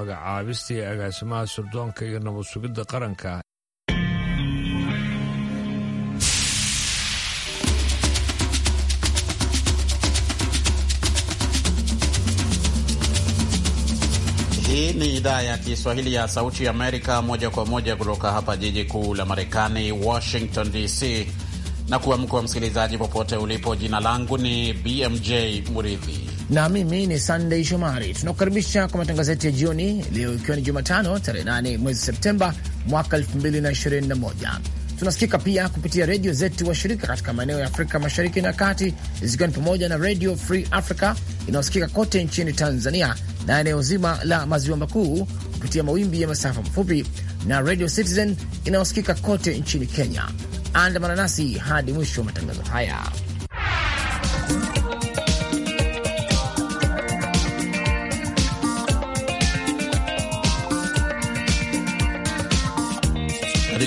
magacaabista iyo ee agaasimaha sirdoonka iyo nabad sugidda qaranka Hii ni idhaa ya Kiswahili ya Sauti Amerika, moja kwa moja kutoka hapa jiji kuu la Marekani, Washington DC, na kuamkwa wa msikilizaji popote ulipo. Jina langu ni BMJ Muridhi na mimi ni sandey Shomari. Tunakukaribisha kwa matangazo yetu ya jioni leo, ikiwa ni Jumatano tarehe 8 mwezi Septemba mwaka 2021. Tunasikika pia kupitia redio zetu washirika katika maeneo ya Afrika mashariki na kati, zikiwa ni pamoja na Redio Free Africa inayosikika kote nchini Tanzania na eneo zima la maziwa makuu kupitia mawimbi ya masafa mafupi na Radio Citizen inayosikika kote nchini Kenya. Andamana nasi hadi mwisho wa matangazo haya.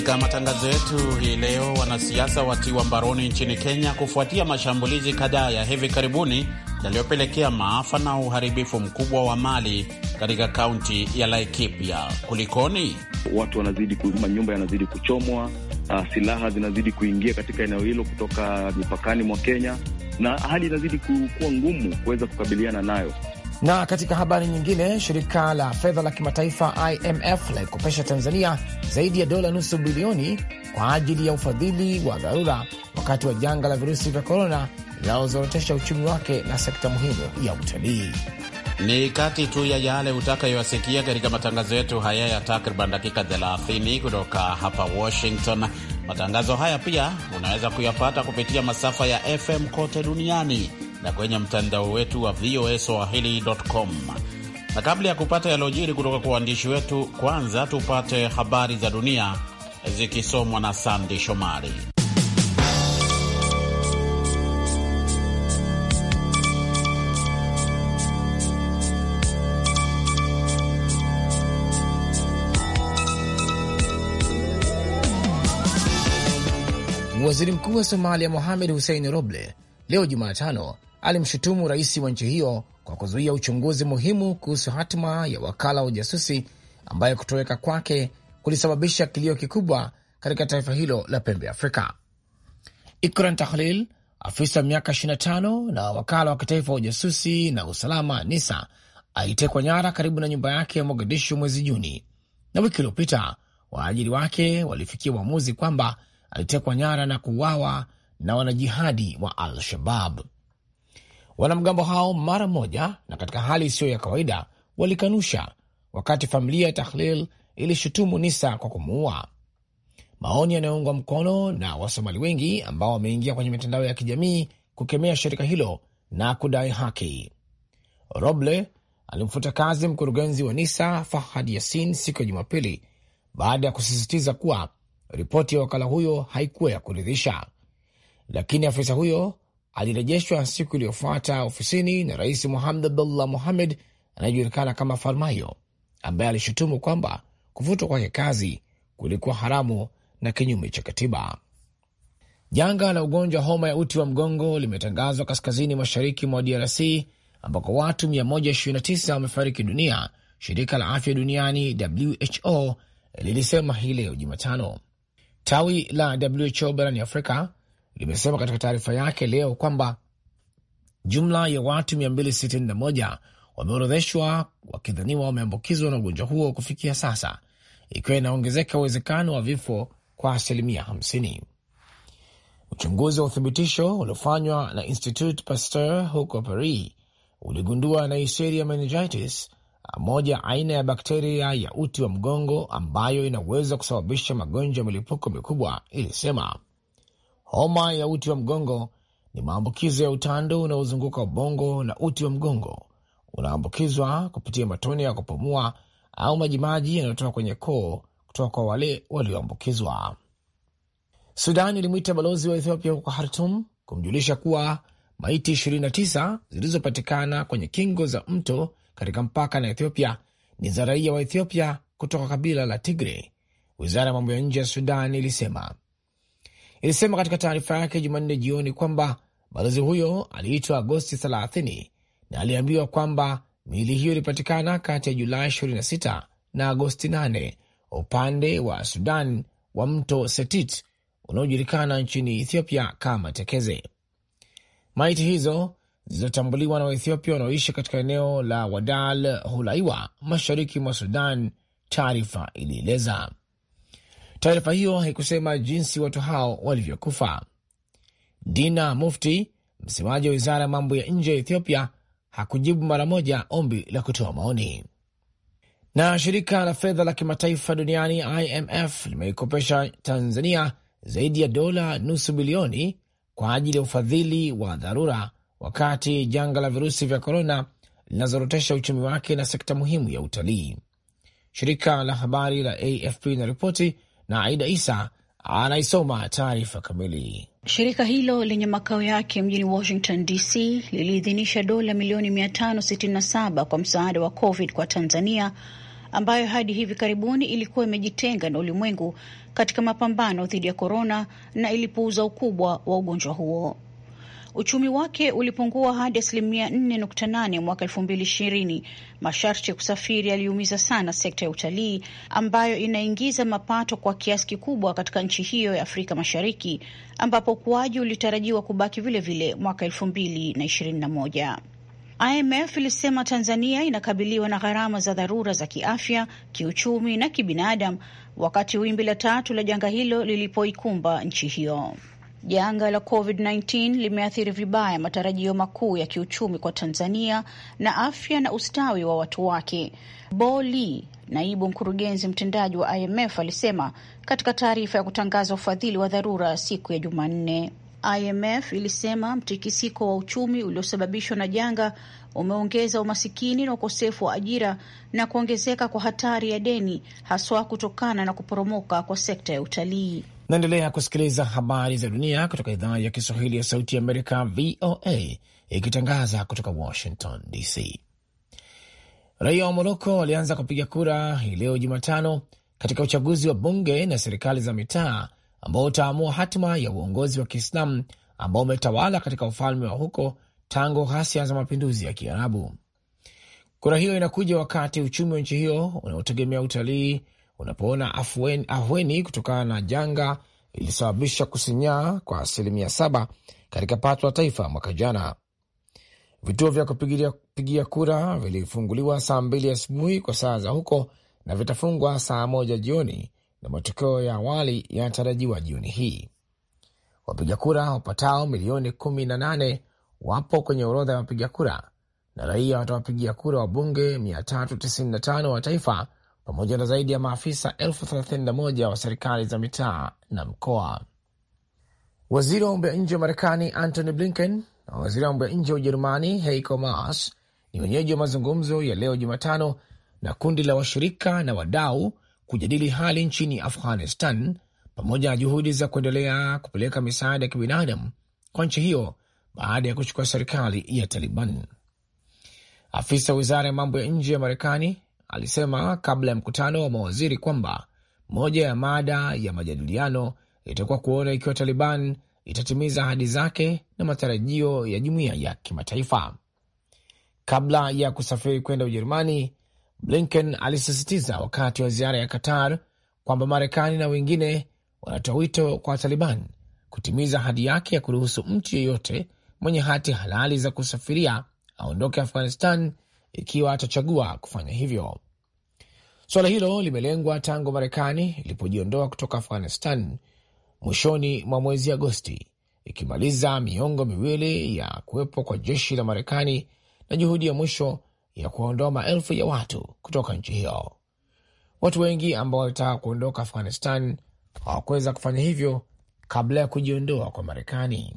Katika matangazo yetu hii leo, wanasiasa watiwa mbaroni nchini Kenya kufuatia mashambulizi kadhaa ya hivi karibuni yaliyopelekea maafa na uharibifu mkubwa wa mali katika kaunti ya Laikipia. Kulikoni? Watu wanazidi manyumba yanazidi kuchomwa, uh, silaha zinazidi kuingia katika eneo hilo kutoka mipakani mwa Kenya, na hali inazidi kuwa ngumu kuweza kukabiliana nayo. Na katika habari nyingine, shirika la fedha la kimataifa IMF laikopesha Tanzania zaidi ya dola nusu bilioni kwa ajili ya ufadhili wa dharura wakati wa janga la virusi vya korona linalozorotesha uchumi wake na sekta muhimu ya utalii. Ni kati tu ya yale utakayoyasikia katika matangazo yetu haya ya takriban dakika 30 kutoka hapa Washington. Matangazo haya pia unaweza kuyapata kupitia masafa ya FM kote duniani na kwenye mtandao wetu wa VOA Swahili.com. Na kabla ya kupata yaliojiri kutoka kwa waandishi wetu, kwanza tupate habari za dunia zikisomwa na Sandi Shomari. Waziri Mkuu wa Somalia Mohamed Hussein Roble leo Jumatano alimshutumu rais wa nchi hiyo kwa kuzuia uchunguzi muhimu kuhusu hatima ya wakala wa ujasusi ambaye kutoweka kwake kulisababisha kilio kikubwa katika taifa hilo la pembe Afrika. Ikran Tahlil, afisa wa miaka 25 na wakala wa kitaifa wa ujasusi na usalama NISA, alitekwa nyara karibu na nyumba yake ya Mogadishu mwezi Juni, na wiki iliyopita waajiri wake walifikia uamuzi kwamba alitekwa nyara na kuuawa na wanajihadi wa Al-Shabab. Wanamgambo hao mara moja na katika hali isiyo ya kawaida walikanusha, wakati familia ya Tahlil ilishutumu Nisa kwa kumuua. Maoni yanayoungwa mkono na Wasomali wengi ambao wameingia kwenye mitandao ya kijamii kukemea shirika hilo na kudai haki. Roble alimfuta kazi mkurugenzi wa Nisa Fahad Yasin siku ya Jumapili baada ya kusisitiza kuwa ripoti ya wakala huyo haikuwa ya kuridhisha, lakini afisa huyo alirejeshwa siku iliyofuata ofisini na Rais Mohamed Abdullah Mohamed anayejulikana kama Farmayo, ambaye alishutumu kwamba kufutwa kwake kazi kulikuwa haramu na kinyume cha katiba. Janga la ugonjwa homa ya uti wa mgongo limetangazwa kaskazini mashariki mwa DRC ambako watu 129 wamefariki dunia, shirika la afya duniani WHO lilisema hii leo Jumatano. Tawi la WHO barani Afrika limesema katika taarifa yake leo kwamba jumla ya watu 261 wameorodheshwa wakidhaniwa wameambukizwa na ugonjwa huo kufikia sasa, ikiwa inaongezeka uwezekano wa vifo kwa asilimia 50. Uchunguzi wa uthibitisho uliofanywa na Institut Pasteur huko Paris uligundua Neisseria meningitis, moja aina ya bakteria ya uti wa mgongo ambayo inaweza kusababisha magonjwa ya milipuko mikubwa, ilisema. Homa ya uti wa mgongo ni maambukizo ya utando unaozunguka ubongo na uti wa mgongo unaambukizwa kupitia matone ya kupumua au majimaji yanayotoka kwenye koo kutoka kwa wale walioambukizwa. Sudan ilimwita balozi wa Ethiopia huko Khartum kumjulisha kuwa maiti 29 zilizopatikana kwenye kingo za mto katika mpaka na Ethiopia ni za raia wa Ethiopia kutoka kabila la Tigre. Wizara ya mambo ya nje ya Sudan ilisema ilisema katika taarifa yake Jumanne jioni kwamba balozi huyo aliitwa Agosti 30 na aliambiwa kwamba miili hiyo ilipatikana kati ya Julai 26 na Agosti 8 upande wa Sudan wa mto Setit unaojulikana nchini Ethiopia kama Tekeze. Maiti hizo zilizotambuliwa na Waethiopia wanaoishi katika eneo la Wadal Hulaiwa, mashariki mwa Sudan, taarifa ilieleza. Taarifa hiyo haikusema jinsi watu hao walivyokufa. Dina Mufti, msemaji wa wizara ya mambo ya nje ya Ethiopia, hakujibu mara moja ombi la kutoa maoni. Na shirika la fedha la kimataifa duniani IMF limeikopesha Tanzania zaidi ya dola nusu bilioni kwa ajili ya ufadhili wa dharura wakati janga la virusi vya korona linazorotesha uchumi wake na sekta muhimu ya utalii. Shirika la habari la AFP linaripoti na Aida Isa anaisoma taarifa kamili. Shirika hilo lenye makao yake mjini Washington DC liliidhinisha dola milioni 567 kwa msaada wa COVID kwa Tanzania ambayo hadi hivi karibuni ilikuwa imejitenga na ulimwengu katika mapambano dhidi ya korona na ilipuuza ukubwa wa ugonjwa huo uchumi wake ulipungua hadi asilimia 4.8 mwaka 2020. Masharti ya kusafiri yaliumiza sana sekta ya utalii ambayo inaingiza mapato kwa kiasi kikubwa katika nchi hiyo ya Afrika Mashariki, ambapo ukuaji ulitarajiwa kubaki vilevile vile mwaka 2021. IMF ilisema Tanzania inakabiliwa na gharama za dharura za kiafya, kiuchumi na kibinadamu wakati wimbi la tatu la janga hilo lilipoikumba nchi hiyo. Janga la COVID-19 limeathiri vibaya matarajio makuu ya kiuchumi kwa Tanzania na afya na ustawi wa watu wake. Bo Lee, naibu mkurugenzi mtendaji wa IMF, alisema katika taarifa ya kutangaza ufadhili wa dharura siku ya Jumanne. IMF ilisema mtikisiko wa uchumi uliosababishwa na janga umeongeza umasikini na ukosefu wa ajira na kuongezeka kwa hatari ya deni, haswa kutokana na kuporomoka kwa sekta ya utalii. Naendelea kusikiliza habari za dunia kutoka idhaa ya Kiswahili ya Sauti ya Amerika, VOA, ikitangaza kutoka Washington DC. Raia wa Moroko walianza kupiga kura hii leo Jumatano katika uchaguzi wa bunge na serikali za mitaa ambao utaamua hatima ya uongozi wa Kiislamu ambao umetawala katika ufalme wa huko tangu ghasia za mapinduzi ya Kiarabu. Kura hiyo inakuja wakati uchumi wa nchi hiyo unaotegemea utalii unapoona afueni, afueni kutokana na janga ilisababisha kusinyaa kwa asilimia saba katika pato la taifa mwaka jana. Vituo vya kupigia kura vilifunguliwa saa mbili asubuhi kwa saa za huko na vitafungwa saa moja jioni, na matokeo ya awali yanatarajiwa jioni hii. Wapiga kura wapatao milioni kumi na nane wapo kwenye orodha ya wapiga kura na raia watawapigia kura wabunge 395 wa taifa pamoja na zaidi ya maafisa elfu thelathini na moja wa serikali za mitaa na mkoa. Waziri wa mambo ya nje wa Marekani Antony Blinken na waziri wa mambo ya nje wa Ujerumani Heiko Maas ni wenyeji wa mazungumzo ya leo Jumatano na kundi la washirika na wadau kujadili hali nchini Afghanistan pamoja na juhudi za kuendelea kupeleka misaada ya kibinadamu kwa nchi hiyo baada ya kuchukua serikali ya Taliban. Afisa wizara ya mambo ya nje ya Marekani alisema kabla ya mkutano wa mawaziri kwamba moja ya mada ya majadiliano itakuwa kuona ikiwa Taliban itatimiza ahadi zake na matarajio ya jumuiya ya kimataifa. Kabla ya kusafiri kwenda Ujerumani, Blinken alisisitiza wakati wa ziara ya Qatar kwamba Marekani na wengine wanatoa wito kwa Taliban kutimiza ahadi yake ya kuruhusu mtu yeyote mwenye hati halali za kusafiria aondoke Afghanistan ikiwa atachagua kufanya hivyo. Suala hilo limelengwa tangu Marekani ilipojiondoa kutoka Afghanistan mwishoni mwa mwezi Agosti, ikimaliza miongo miwili ya kuwepo kwa jeshi la Marekani na juhudi ya mwisho ya kuwaondoa maelfu ya watu kutoka nchi hiyo. Watu wengi ambao walitaka kuondoka Afghanistan hawakuweza kufanya hivyo kabla ya kujiondoa kwa Marekani.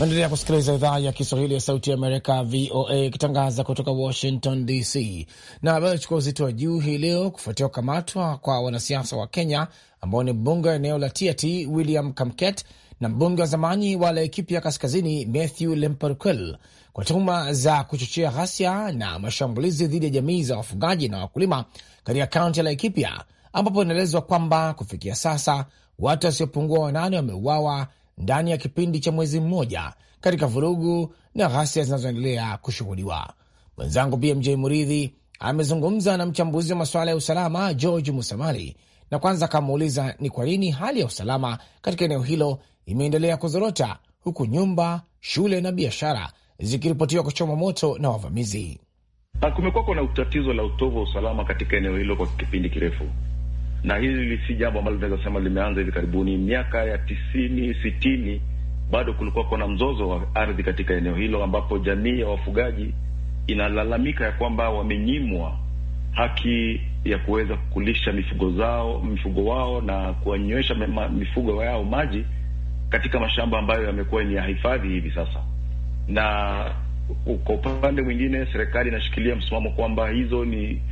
Naendelea kusikiliza idhaa ya Kiswahili ya Sauti ya Amerika, VOA, ikitangaza kutoka Washington DC. Na habari achukua uzito wa juu hii leo kufuatia kukamatwa kwa wanasiasa wa Kenya ambao ni mbunge wa eneo la Tiaty William Kamket na mbunge wa zamani wa Laikipia Kaskazini Matthew lemperquel kwa tuhuma za kuchochea ghasia na mashambulizi dhidi ya jamii za wafugaji na wakulima katika kaunti ya Laikipia, ambapo inaelezwa kwamba kufikia sasa watu wasiopungua wanane wameuawa ndani ya kipindi cha mwezi mmoja katika vurugu na ghasia zinazoendelea kushughuliwa. Mwenzangu BMJ Muridhi amezungumza na mchambuzi wa masuala ya usalama George Musamali na kwanza akamuuliza ni kwa nini hali ya usalama katika eneo hilo imeendelea kuzorota huku nyumba, shule na biashara zikiripotiwa kuchoma moto na wavamizi. Kumekuwa kuna tatizo la utovu wa usalama katika eneo hilo kwa kipindi kirefu, na hili si jambo ambalo tunaweza kusema limeanza hivi karibuni. Miaka ya tisini, sitini, bado kulikuwa kuna mzozo wa ardhi katika eneo hilo, ambapo jamii ya wafugaji inalalamika ya kwamba wamenyimwa haki ya kuweza kulisha mifugo zao, mifugo wao na kuwanywesha mifugo yao maji katika mashamba ambayo yamekuwa ni ya hifadhi hivi sasa. Na kwa upande mwingine, serikali inashikilia msimamo kwamba hizo ni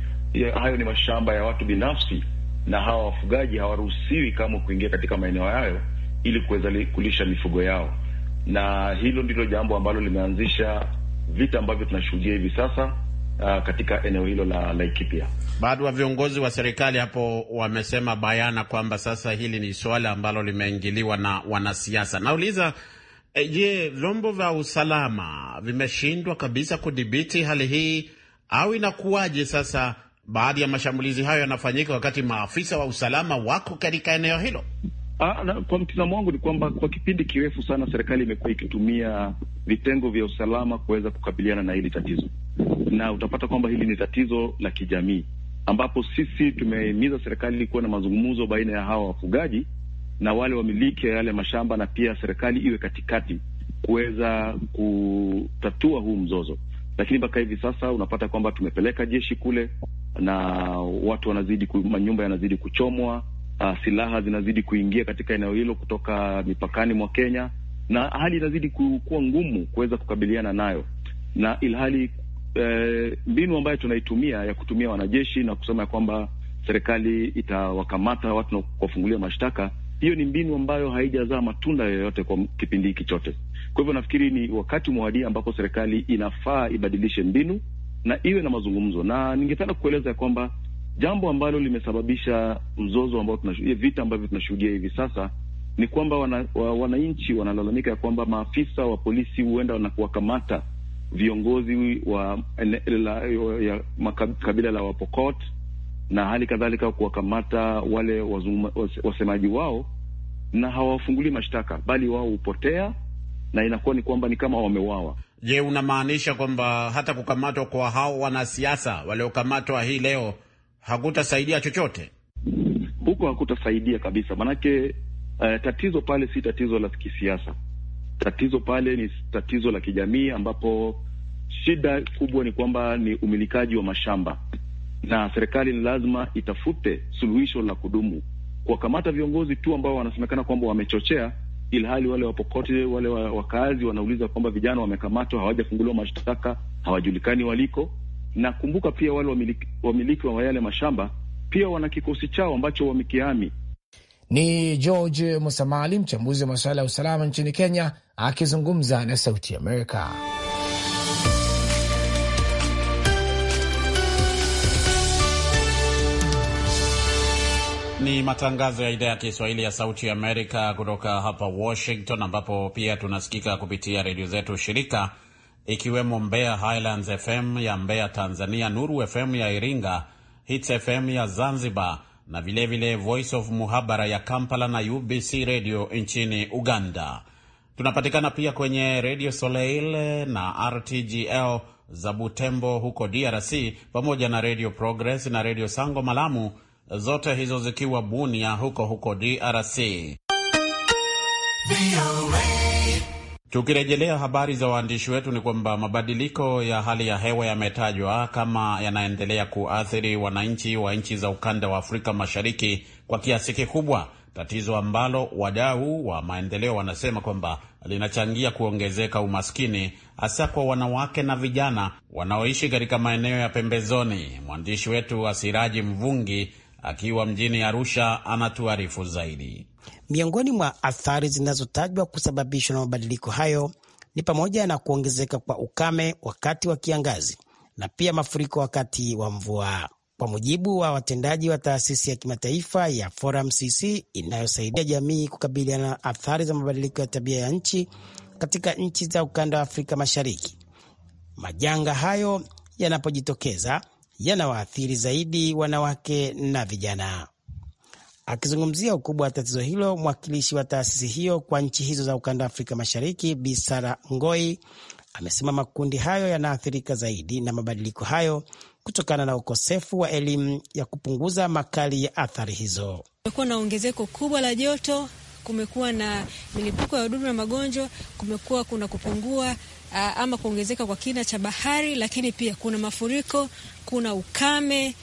hayo ni mashamba ya watu binafsi na hawa wafugaji hawaruhusiwi kamwe kuingia katika maeneo yayo ili kuweza kulisha mifugo yao, na hilo ndilo jambo ambalo limeanzisha vita ambavyo tunashuhudia hivi sasa uh, katika eneo hilo la Laikipia. Baadhi wa viongozi wa serikali hapo wamesema bayana kwamba sasa hili ni suala ambalo limeingiliwa na wanasiasa. Nauliza, eh, je, vyombo vya usalama vimeshindwa kabisa kudhibiti hali hii au inakuwaje sasa baadhi ya mashambulizi hayo yanafanyika wakati maafisa wa usalama wako katika eneo hilo? Ah, na, kwa mtizamo wangu ni kwamba kwa kipindi kirefu sana serikali imekuwa ikitumia vitengo vya usalama kuweza kukabiliana na hili tatizo, na utapata kwamba hili ni tatizo la kijamii, ambapo sisi tumehimiza serikali kuwa na mazungumzo baina ya hawa wafugaji na wale wamiliki yale mashamba, na pia serikali iwe katikati kuweza kutatua huu mzozo. Lakini mpaka hivi sasa unapata kwamba tumepeleka jeshi kule, na watu wanazidi, manyumba yanazidi kuchomwa, uh, silaha zinazidi kuingia katika eneo hilo kutoka mipakani mwa Kenya, na hali inazidi kuwa ngumu kuweza kukabiliana nayo, na ilhali eh, mbinu eh, ambayo tunaitumia ya kutumia wanajeshi na kusema ya kwamba serikali itawakamata watu na kuwafungulia mashtaka, hiyo ni mbinu ambayo haijazaa matunda yoyote kwa kipindi hiki chote. Kwa hivyo nafikiri ni wakati mwadia ambapo serikali inafaa ibadilishe mbinu na iwe na mazungumzo, na ningependa kueleza ya kwamba jambo ambalo limesababisha mzozo ambao tunashuhudia, vita ambavyo tunashuhudia hivi sasa ni kwamba wananchi wana wanalalamika ya kwamba maafisa wa polisi huenda na kuwakamata viongozi wa kabila la Wapokot na hali kadhalika kuwakamata wale wazuma, wasemaji wao na hawafunguli mashtaka bali wao hupotea na inakuwa ni kwamba ni kama wamewawa. Je, unamaanisha kwamba hata kukamatwa kwa hao wanasiasa waliokamatwa hii leo hakutasaidia chochote? Huko hakutasaidia kabisa, manake uh, tatizo pale si tatizo la kisiasa. Tatizo pale ni tatizo la kijamii, ambapo shida kubwa ni kwamba ni umilikaji wa mashamba, na serikali ni lazima itafute suluhisho la kudumu. Kuwakamata viongozi tu ambao wanasemekana kwamba wamechochea ilhali wale wapokote wale wakazi wanauliza kwamba vijana wamekamatwa, hawajafunguliwa mashtaka, hawajulikani waliko. Na kumbuka pia wale wamiliki, wamiliki wa yale mashamba pia wana kikosi chao ambacho wamekiami Ni George Musamali, mchambuzi wa masuala ya usalama nchini Kenya, akizungumza na Sauti Amerika. Ni matangazo ya idhaa ya Kiswahili ya Sauti ya Amerika kutoka hapa Washington, ambapo pia tunasikika kupitia redio zetu shirika, ikiwemo Mbeya Highlands FM ya Mbeya Tanzania, Nuru FM ya Iringa, Hits FM ya Zanzibar na vilevile vile Voice of Muhabara ya Kampala na UBC Radio nchini Uganda. Tunapatikana pia kwenye Radio Soleil na RTGL za Butembo huko DRC, pamoja na Radio Progress na Radio Sango Malamu zote hizo zikiwa Bunia huko huko DRC. Tukirejelea habari za waandishi wetu ni kwamba mabadiliko ya hali ya hewa yametajwa kama yanaendelea kuathiri wananchi wa nchi za ukanda wa Afrika Mashariki kwa kiasi kikubwa, tatizo ambalo wadau wa maendeleo wanasema kwamba linachangia kuongezeka umaskini hasa kwa wanawake na vijana wanaoishi katika maeneo ya pembezoni. Mwandishi wetu Asiraji Mvungi akiwa mjini Arusha anatuarifu zaidi. Miongoni mwa athari zinazotajwa kusababishwa na mabadiliko hayo ni pamoja na kuongezeka kwa ukame wakati wa kiangazi na pia mafuriko wakati wa mvua. Kwa mujibu wa watendaji wa taasisi ya kimataifa ya Forum CC inayosaidia jamii kukabiliana na athari za mabadiliko ya tabia ya nchi katika nchi za ukanda wa Afrika Mashariki, majanga hayo yanapojitokeza yanawaathiri zaidi wanawake na vijana. Akizungumzia ukubwa wa tatizo hilo, mwakilishi wa taasisi hiyo kwa nchi hizo za ukanda wa Afrika Mashariki, bisara Ngoi, amesema makundi hayo yanaathirika zaidi na mabadiliko hayo kutokana na ukosefu wa elimu ya kupunguza makali ya athari hizo. Kumekuwa na ongezeko kubwa la joto, kumekuwa na milipuko ya wadudu na magonjwa, kumekuwa kuna kupungua Uh, ama kuongezeka kwa kina cha bahari, lakini pia kuna mafuriko, kuna ukame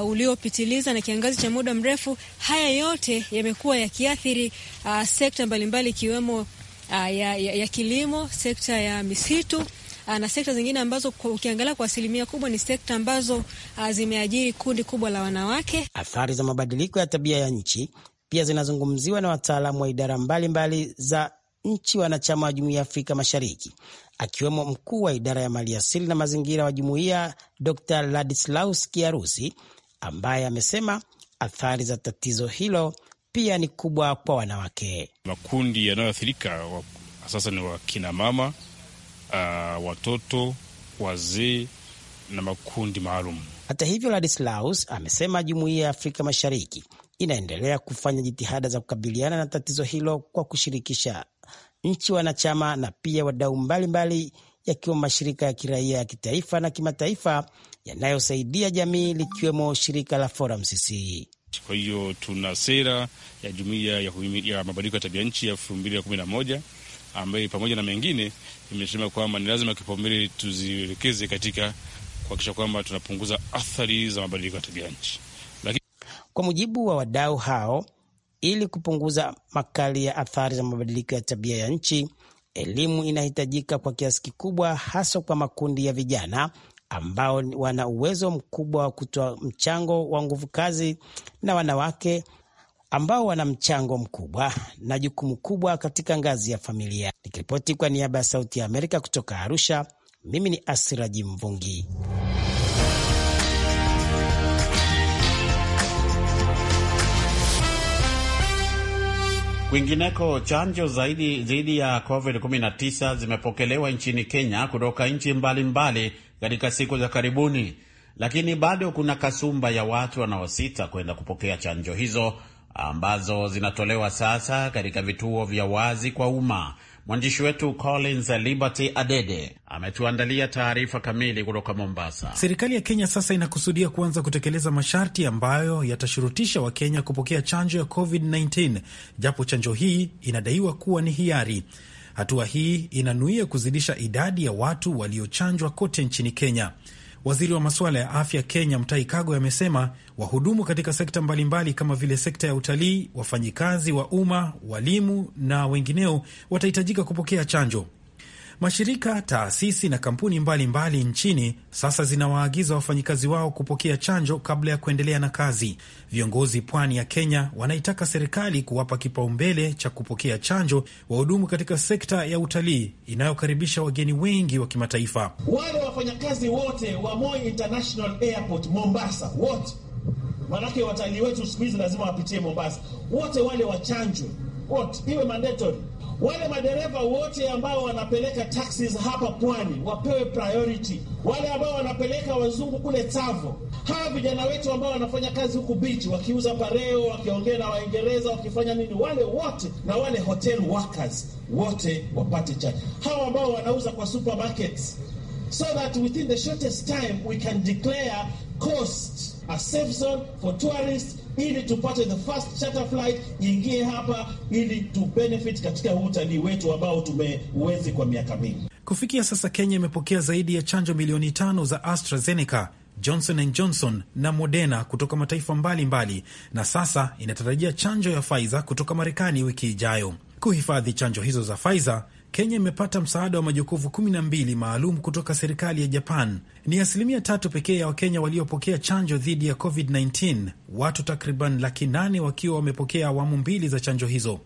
Uh, uliopitiliza na kiangazi cha muda mrefu. Haya yote yamekuwa yakiathiri uh, sekta mbalimbali ikiwemo uh, ya, ya, ya kilimo, sekta ya misitu uh, na sekta zingine ambazo ukiangalia kwa asilimia kubwa ni sekta ambazo uh, zimeajiri kundi kubwa la wanawake. Athari za mabadiliko ya tabia ya nchi pia zinazungumziwa na wataalamu wa idara mbalimbali mbali za nchi wanachama wa Jumuiya ya Afrika Mashariki, akiwemo mkuu wa idara ya maliasili na mazingira wa jumuiya Dr Ladislaus Kiarusi, ambaye amesema athari za tatizo hilo pia ni kubwa kwa wanawake. Makundi yanayoathirika sasa ni wakinamama, uh, ah, watoto, wazee na makundi maalum. Hata hivyo, Ladislaus amesema jumuiya ya Afrika Mashariki inaendelea kufanya jitihada za kukabiliana na tatizo hilo kwa kushirikisha nchi wanachama na pia wadau mbalimbali yakiwemo mashirika ya kiraia ya kitaifa na kimataifa yanayosaidia jamii likiwemo shirika la Forum CC. Kwa hiyo tuna sera ya jumuiya ya, ya mabadiliko ya tabia nchi ya elfu mbili na kumi na moja ambayo pamoja na mengine imesema kwamba ni lazima kipaumbele tuzielekeze katika kuhakikisha kwamba tunapunguza athari za mabadiliko ya tabia nchi. Lakini kwa mujibu wa wadau hao ili kupunguza makali ya athari za mabadiliko ya tabia ya nchi. Elimu inahitajika kwa kiasi kikubwa, haswa kwa makundi ya vijana ambao wana uwezo mkubwa wa kutoa mchango wa nguvu kazi na wanawake ambao wana mchango mkubwa na jukumu kubwa katika ngazi ya familia. Nikiripoti kwa niaba ya Sauti ya Amerika kutoka Arusha, mimi ni Asiraji Mvungi. Kwingineko, chanjo zaidi dhidi ya COVID-19 zimepokelewa nchini Kenya kutoka nchi mbalimbali katika siku za karibuni, lakini bado kuna kasumba ya watu wanaosita kwenda kupokea chanjo hizo ambazo zinatolewa sasa katika vituo vya wazi kwa umma. Mwandishi wetu Collins Liberty Adede ametuandalia taarifa kamili kutoka Mombasa. Serikali ya Kenya sasa inakusudia kuanza kutekeleza masharti ambayo yatashurutisha Wakenya kupokea chanjo ya COVID-19 japo chanjo hii inadaiwa kuwa ni hiari. Hatua hii inanuia kuzidisha idadi ya watu waliochanjwa kote nchini Kenya. Waziri wa masuala ya afya Kenya Mutahi Kagwe amesema wahudumu katika sekta mbalimbali kama vile sekta ya utalii, wafanyikazi wa umma, walimu na wengineo watahitajika kupokea chanjo. Mashirika, taasisi na kampuni mbalimbali mbali nchini sasa zinawaagiza wafanyikazi wao kupokea chanjo kabla ya kuendelea na kazi. Viongozi pwani ya Kenya wanaitaka serikali kuwapa kipaumbele cha kupokea chanjo wahudumu katika sekta ya utalii inayokaribisha wageni wengi wa kimataifa. Wale wafanyakazi wote wa Moi International Airport Mombasa, wote manake watalii wetu siku hizi lazima wapitie Mombasa, wote wale wachanjwe, wote iwe mandatory. Wale madereva wote ambao wanapeleka taxis hapa pwani wapewe priority, wale ambao wanapeleka wazungu kule Tsavo, hawa vijana wetu ambao wanafanya kazi huku bichi, wakiuza pareo, wakiongea na Waingereza, wakifanya nini, wale wote na wale hotel workers wote wapate charge, hawa ambao wanauza kwa supermarkets, so that within the shortest time we can declare cost a safe zone for tourists ili tupate the first charter flight iingie hapa ili tu benefit katika huu utalii wetu ambao tumeuwezi kwa miaka mingi. Kufikia sasa Kenya imepokea zaidi ya chanjo milioni tano za AstraZeneca, Johnson and Johnson na Moderna kutoka mataifa mbalimbali mbali, na sasa inatarajia chanjo ya Pfizer kutoka Marekani wiki ijayo. Kuhifadhi chanjo hizo za Pfizer Kenya imepata msaada wa majokofu 12 maalum kutoka serikali ya Japan. Ni asilimia tatu pekee ya Wakenya waliopokea chanjo dhidi ya COVID-19, watu takriban laki nane wakiwa wamepokea awamu mbili za chanjo hizo.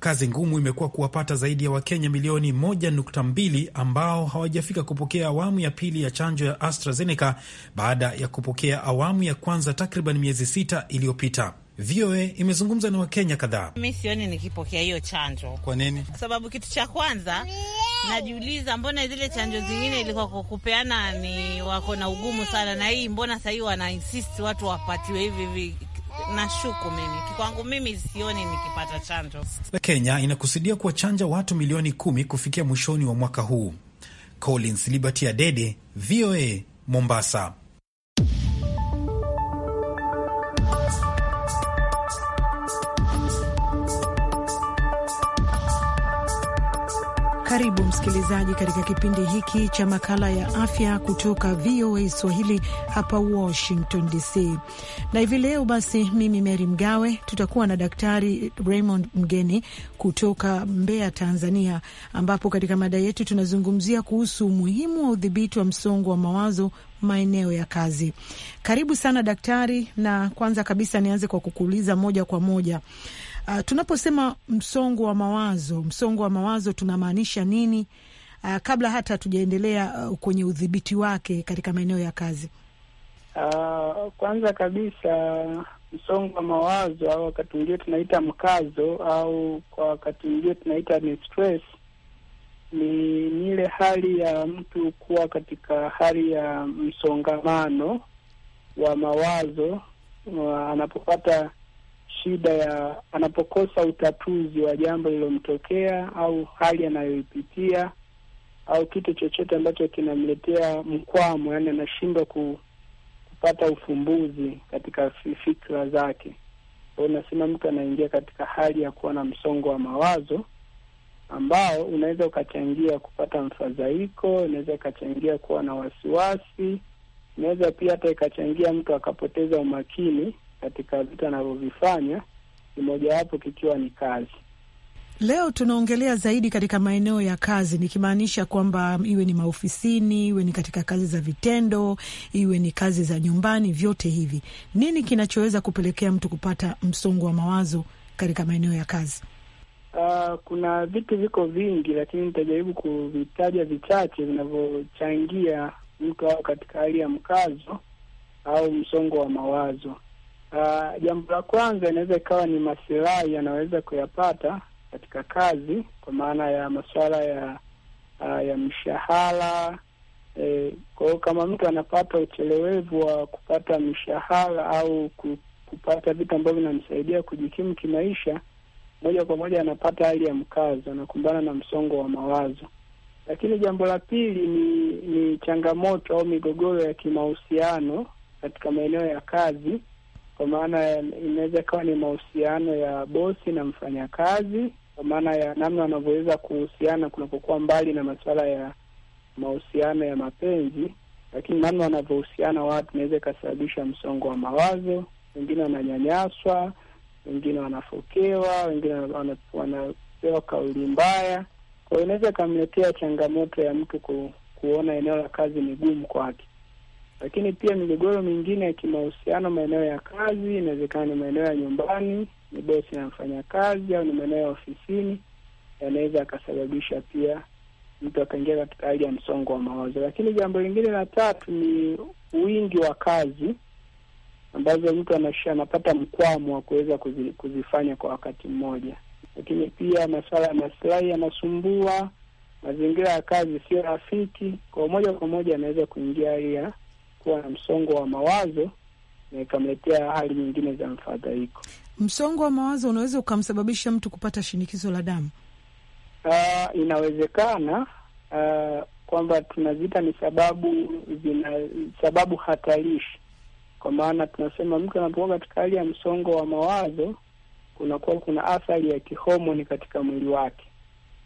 Kazi ngumu imekuwa kuwapata zaidi ya Wakenya milioni 1.2 ambao hawajafika kupokea awamu ya pili ya chanjo ya AstraZeneca baada ya kupokea awamu ya kwanza takriban miezi sita iliyopita. VOA imezungumza na Wakenya kadhaa. Mi sioni nikipokea hiyo chanjo. Kwa nini? Kwa sababu kitu cha kwanza najiuliza, mbona zile chanjo zingine ilikuwa kwa kupeana ni wako na ugumu sana, na hii mbona sahii wana insist watu wapatiwe hivi hivi Nashuku mimi kikwangu, mimi sioni nikipata chanjo. Kenya inakusudia kuwachanja watu milioni kumi kufikia mwishoni wa mwaka huu. Collins Liberty Adede, VOA Mombasa. Karibu msikilizaji katika kipindi hiki cha makala ya afya kutoka VOA Swahili hapa Washington DC. Na hivi leo basi, mimi Mary Mgawe tutakuwa na Daktari Raymond Mgeni kutoka Mbeya, Tanzania, ambapo katika mada yetu tunazungumzia kuhusu umuhimu wa udhibiti wa msongo wa mawazo maeneo ya kazi. Karibu sana daktari, na kwanza kabisa nianze kwa kukuuliza moja kwa moja Uh, tunaposema msongo wa mawazo, msongo wa mawazo tunamaanisha nini? Uh, kabla hata hatujaendelea uh, kwenye udhibiti wake katika maeneo ya kazi. Uh, kwanza kabisa msongo wa mawazo au wakati mwingine tunaita mkazo au kwa wakati mwingine tunaita ni stress, ni ile hali ya mtu kuwa katika hali ya msongamano wa mawazo anapopata shida ya anapokosa utatuzi wa jambo lililomtokea au hali anayoipitia au kitu chochote ambacho kinamletea mkwamo, yaani anashindwa ku, kupata ufumbuzi katika fikra zake. Kwa unasema nasema mtu anaingia katika hali ya kuwa na msongo wa mawazo ambao unaweza ukachangia kupata mfadhaiko, unaweza ukachangia kuwa na wasiwasi, unaweza pia hata ikachangia mtu akapoteza umakini katika vitu anavyovifanya, ni kikiwa ni kazi. Leo tunaongelea zaidi katika maeneo ya kazi, nikimaanisha kwamba iwe ni maofisini, iwe ni katika kazi za vitendo, iwe ni kazi za nyumbani, vyote hivi. Nini kinachoweza kupelekea mtu kupata msongo wa mawazo katika maeneo ya kazi? Uh, kuna vitu viko vingi, lakini nitajaribu kuvitaja vichache vinavyochangia mtu au katika hali ya mkazo au msongo wa mawazo. Ah, jambo la kwanza inaweza ikawa ni masilahi yanaweza kuyapata katika kazi, kwa maana ya masuala ya uh, ya mshahara e, Kwa hiyo kama mtu anapata uchelewevu wa kupata mshahara au kupata vitu ambavyo vinamsaidia kujikimu kimaisha, moja kwa moja anapata hali ya mkazo, anakumbana na msongo wa mawazo. Lakini jambo la pili ni, ni changamoto au migogoro ya kimahusiano katika maeneo ya kazi kwa maana inaweza ikawa ni mahusiano ya bosi na mfanyakazi, kwa maana ya namna wanavyoweza kuhusiana kunapokuwa mbali na masuala ya mahusiano ya mapenzi, lakini namna wanavyohusiana watu inaweza ikasababisha msongo wa mawazo. Wengine wananyanyaswa, wengine wanafokewa, wengine wanapewa kauli mbaya, kwa inaweza ikamletea changamoto ya mtu ku, kuona eneo la kazi ni gumu kwake. Lakini pia migogoro mingine ya kimahusiano, maeneo ya kazi, inawezekana ni maeneo ya nyumbani, ni bosi na mfanyakazi, au ni maeneo ya ofisini, yanaweza akasababisha pia mtu akaingia katika hali ya msongo wa mawazo. Lakini jambo lingine la tatu ni wingi wa kazi ambazo mtu anapata mkwamo wa kuweza kuzi, kuzifanya kwa wakati mmoja. Lakini pia masuala ya masilahi yanasumbua, mazingira ya kazi sio rafiki, kwa moja kwa moja anaweza kuingia hali ya kuwa na msongo wa mawazo na ikamletea hali nyingine za mfadhaiko. Msongo wa mawazo unaweza ukamsababisha mtu kupata shinikizo la damu. Uh, inawezekana uh, kwamba tunaziita ni sababu zina sababu hatarishi, kwa maana tunasema mtu anapokuwa katika hali ya msongo wa mawazo kunakuwa kuna athari ya kihomoni katika mwili wake.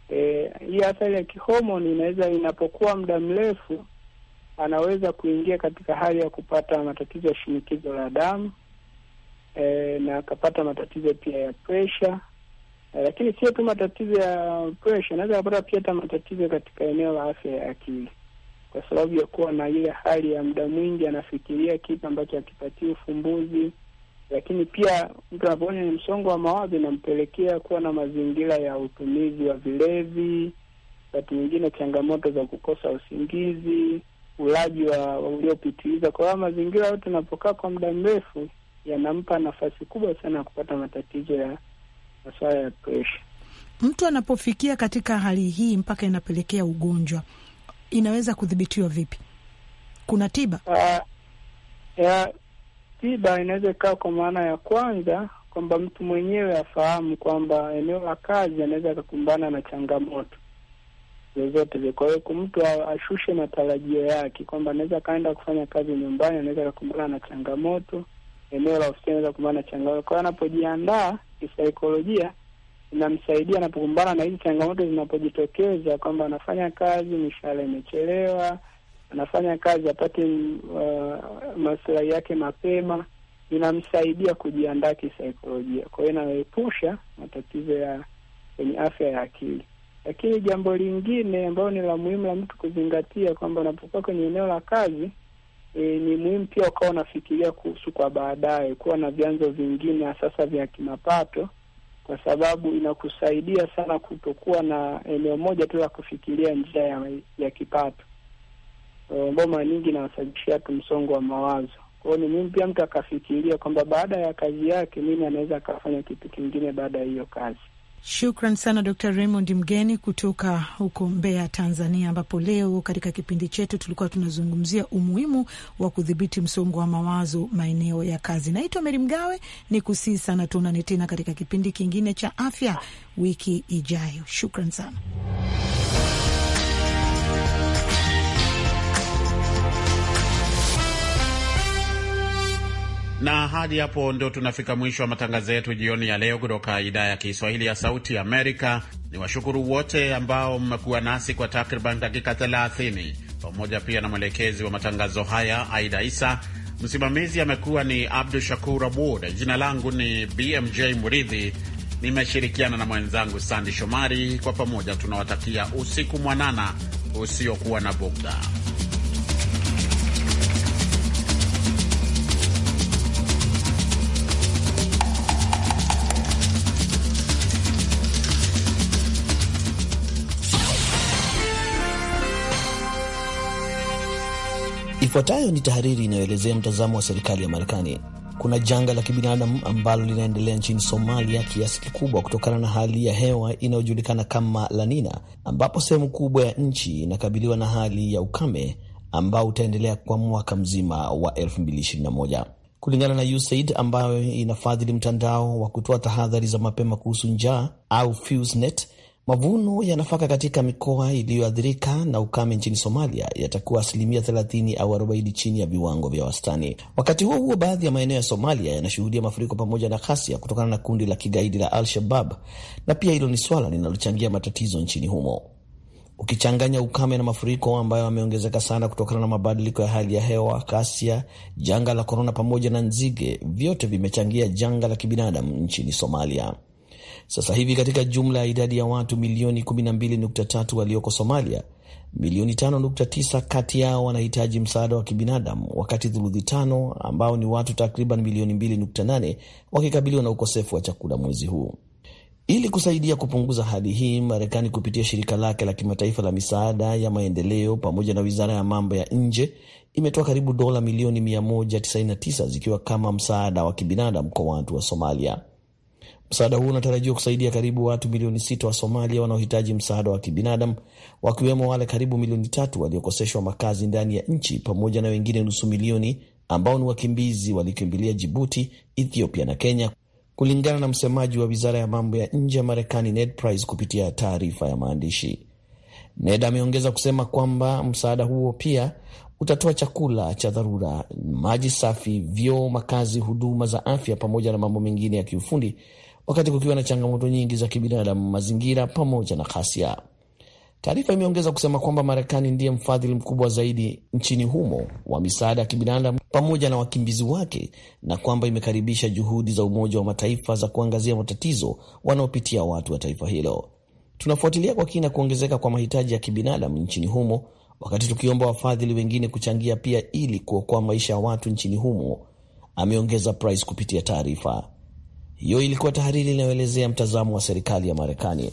E, hii athari ya kihomoni inaweza, inapokuwa muda mrefu anaweza kuingia katika hali ya kupata matatizo ya shinikizo la damu e, na akapata matatizo pia ya presha e, lakini sio tu matatizo ya presha, anaweza akapata pia hata matatizo katika eneo la afya ya akili, kwa sababu ya kuwa na ile hali ya muda mwingi anafikiria kitu ambacho akipatia ufumbuzi. Lakini pia mtu anapoona ni msongo wa mawazo inampelekea kuwa na mazingira ya utumizi wa vilevi, wakati mwingine changamoto za kukosa usingizi ulaji wa uliopitiliza. Kwa hiyo mazingira yote yanapokaa kwa muda mrefu yanampa nafasi kubwa sana ya kupata matatizo ya masuala ya presha. Mtu anapofikia katika hali hii mpaka inapelekea ugonjwa, inaweza kudhibitiwa vipi? Kuna tiba? Uh, ya, tiba inaweza ikawa kwa maana ya kwanza kwamba mtu mwenyewe afahamu kwamba eneo la kazi anaweza akakumbana na changamoto vyovyote vile. Kwa hiyo mtu ashushe matarajio yake kwamba anaweza akaenda kufanya kazi nyumbani, anaweza akakumbana na changamoto, eneo la ofisi, anaweza kukumbana na changamoto. Kwa hiyo anapojiandaa kisaikolojia, inamsaidia anapokumbana na hizi changamoto zinapojitokeza, kwamba anafanya kazi, mishahara imechelewa, anafanya kazi apate uh, maslahi yake mapema, inamsaidia kujiandaa kisaikolojia. Kwa hiyo inaepusha matatizo ya kwenye afya ya akili. Lakini jambo lingine ambayo ni la muhimu la mtu kuzingatia kwamba unapokuwa kwenye eneo la kazi e, ni muhimu pia ukawa unafikiria kuhusu kwa baadaye kuwa na vyanzo vingine sasa vya kimapato, kwa sababu inakusaidia sana kutokuwa na eneo moja tu la kufikiria njia ya, ya kipato ambayo mara nyingi inawasababishia tu msongo wa mawazo. Kwa hiyo ni muhimu pia mtu akafikiria kwamba baada ya kazi yake mimi anaweza akafanya kitu kingine baada ya hiyo kazi. Shukran sana Dr Raymond Mgeni kutoka huko Mbeya, Tanzania, ambapo leo katika kipindi chetu tulikuwa tunazungumzia umuhimu wa kudhibiti msongo wa mawazo maeneo ya kazi. Naitwa Meri Mgawe, ni kusii sana, tuonane tena katika kipindi kingine cha afya wiki ijayo. Shukran sana. Na hadi hapo ndio tunafika mwisho wa matangazo yetu jioni ya leo kutoka idhaa ya Kiswahili ya Sauti ya Amerika. Ni washukuru wote ambao mmekuwa nasi kwa takriban dakika 30 pamoja pia na mwelekezi wa matangazo haya Aida Isa. Msimamizi amekuwa ni Abdu Shakur Abud. Jina langu ni BMJ Muridhi, nimeshirikiana na mwenzangu Sandi Shomari. Kwa pamoja tunawatakia usiku mwanana usiokuwa na bugda. Ifuatayo ni tahariri inayoelezea mtazamo wa serikali ya Marekani. Kuna janga la kibinadamu ambalo linaendelea nchini Somalia kiasi kikubwa kutokana na hali ya hewa inayojulikana kama La Nina, ambapo sehemu kubwa ya nchi inakabiliwa na hali ya ukame ambao utaendelea kwa mwaka mzima wa 2021 kulingana na USAID ambayo inafadhili mtandao wa kutoa tahadhari za mapema kuhusu njaa au FEWSNET. Mavuno ya nafaka katika mikoa iliyoathirika na ukame nchini Somalia yatakuwa asilimia 30 au 40 chini ya viwango vya wastani. Wakati huo huo, baadhi ya maeneo ya Somalia yanashuhudia mafuriko pamoja na ghasia kutokana na kundi la kigaidi la Al-Shabab, na pia hilo ni swala linalochangia matatizo nchini humo. Ukichanganya ukame na mafuriko ambayo yameongezeka sana kutokana na mabadiliko ya hali ya hewa, ghasia, janga la korona pamoja na nzige, vyote vimechangia janga la kibinadamu nchini Somalia. Sasa hivi katika jumla ya idadi ya watu milioni 12.3 walioko Somalia, milioni 5.9 kati yao wanahitaji msaada wa kibinadamu, wakati thuluthi tano ambao ni watu takriban milioni 2.8 wakikabiliwa na ukosefu wa chakula mwezi huu. Ili kusaidia kupunguza hali hii, Marekani kupitia shirika lake la kimataifa la misaada ya maendeleo pamoja na wizara ya mambo ya nje imetoa karibu dola milioni 199 zikiwa kama msaada wa kibinadamu kwa watu wa Somalia. Msaada huo unatarajiwa kusaidia karibu watu milioni sita wa Somalia wanaohitaji msaada wa kibinadamu, wakiwemo wale karibu milioni tatu waliokoseshwa makazi ndani ya nchi pamoja na wengine nusu milioni ambao ni wakimbizi walikimbilia Jibuti, Ethiopia na Kenya, kulingana na msemaji wa wizara ya mambo ya nje ya Marekani Ned Price kupitia taarifa ya maandishi. Ned ameongeza kusema kwamba msaada huo pia utatoa chakula cha dharura, maji safi, vyoo, makazi, huduma za afya pamoja na mambo mengine ya kiufundi wakati kukiwa na changamoto nyingi za kibinadamu, mazingira pamoja na ghasia. Taarifa imeongeza kusema kwamba Marekani ndiye mfadhili mkubwa zaidi nchini humo wa misaada ya kibinadamu pamoja na wakimbizi wake na kwamba imekaribisha juhudi za Umoja wa Mataifa za kuangazia matatizo wanaopitia watu wa taifa hilo. Tunafuatilia kwa kina kuongezeka kwa mahitaji ya kibinadamu nchini humo, wakati tukiomba wafadhili wengine kuchangia pia ili kuokoa maisha ya watu nchini humo, ameongeza Price kupitia taarifa. Hiyo ilikuwa tahariri inayoelezea mtazamo wa serikali ya Marekani.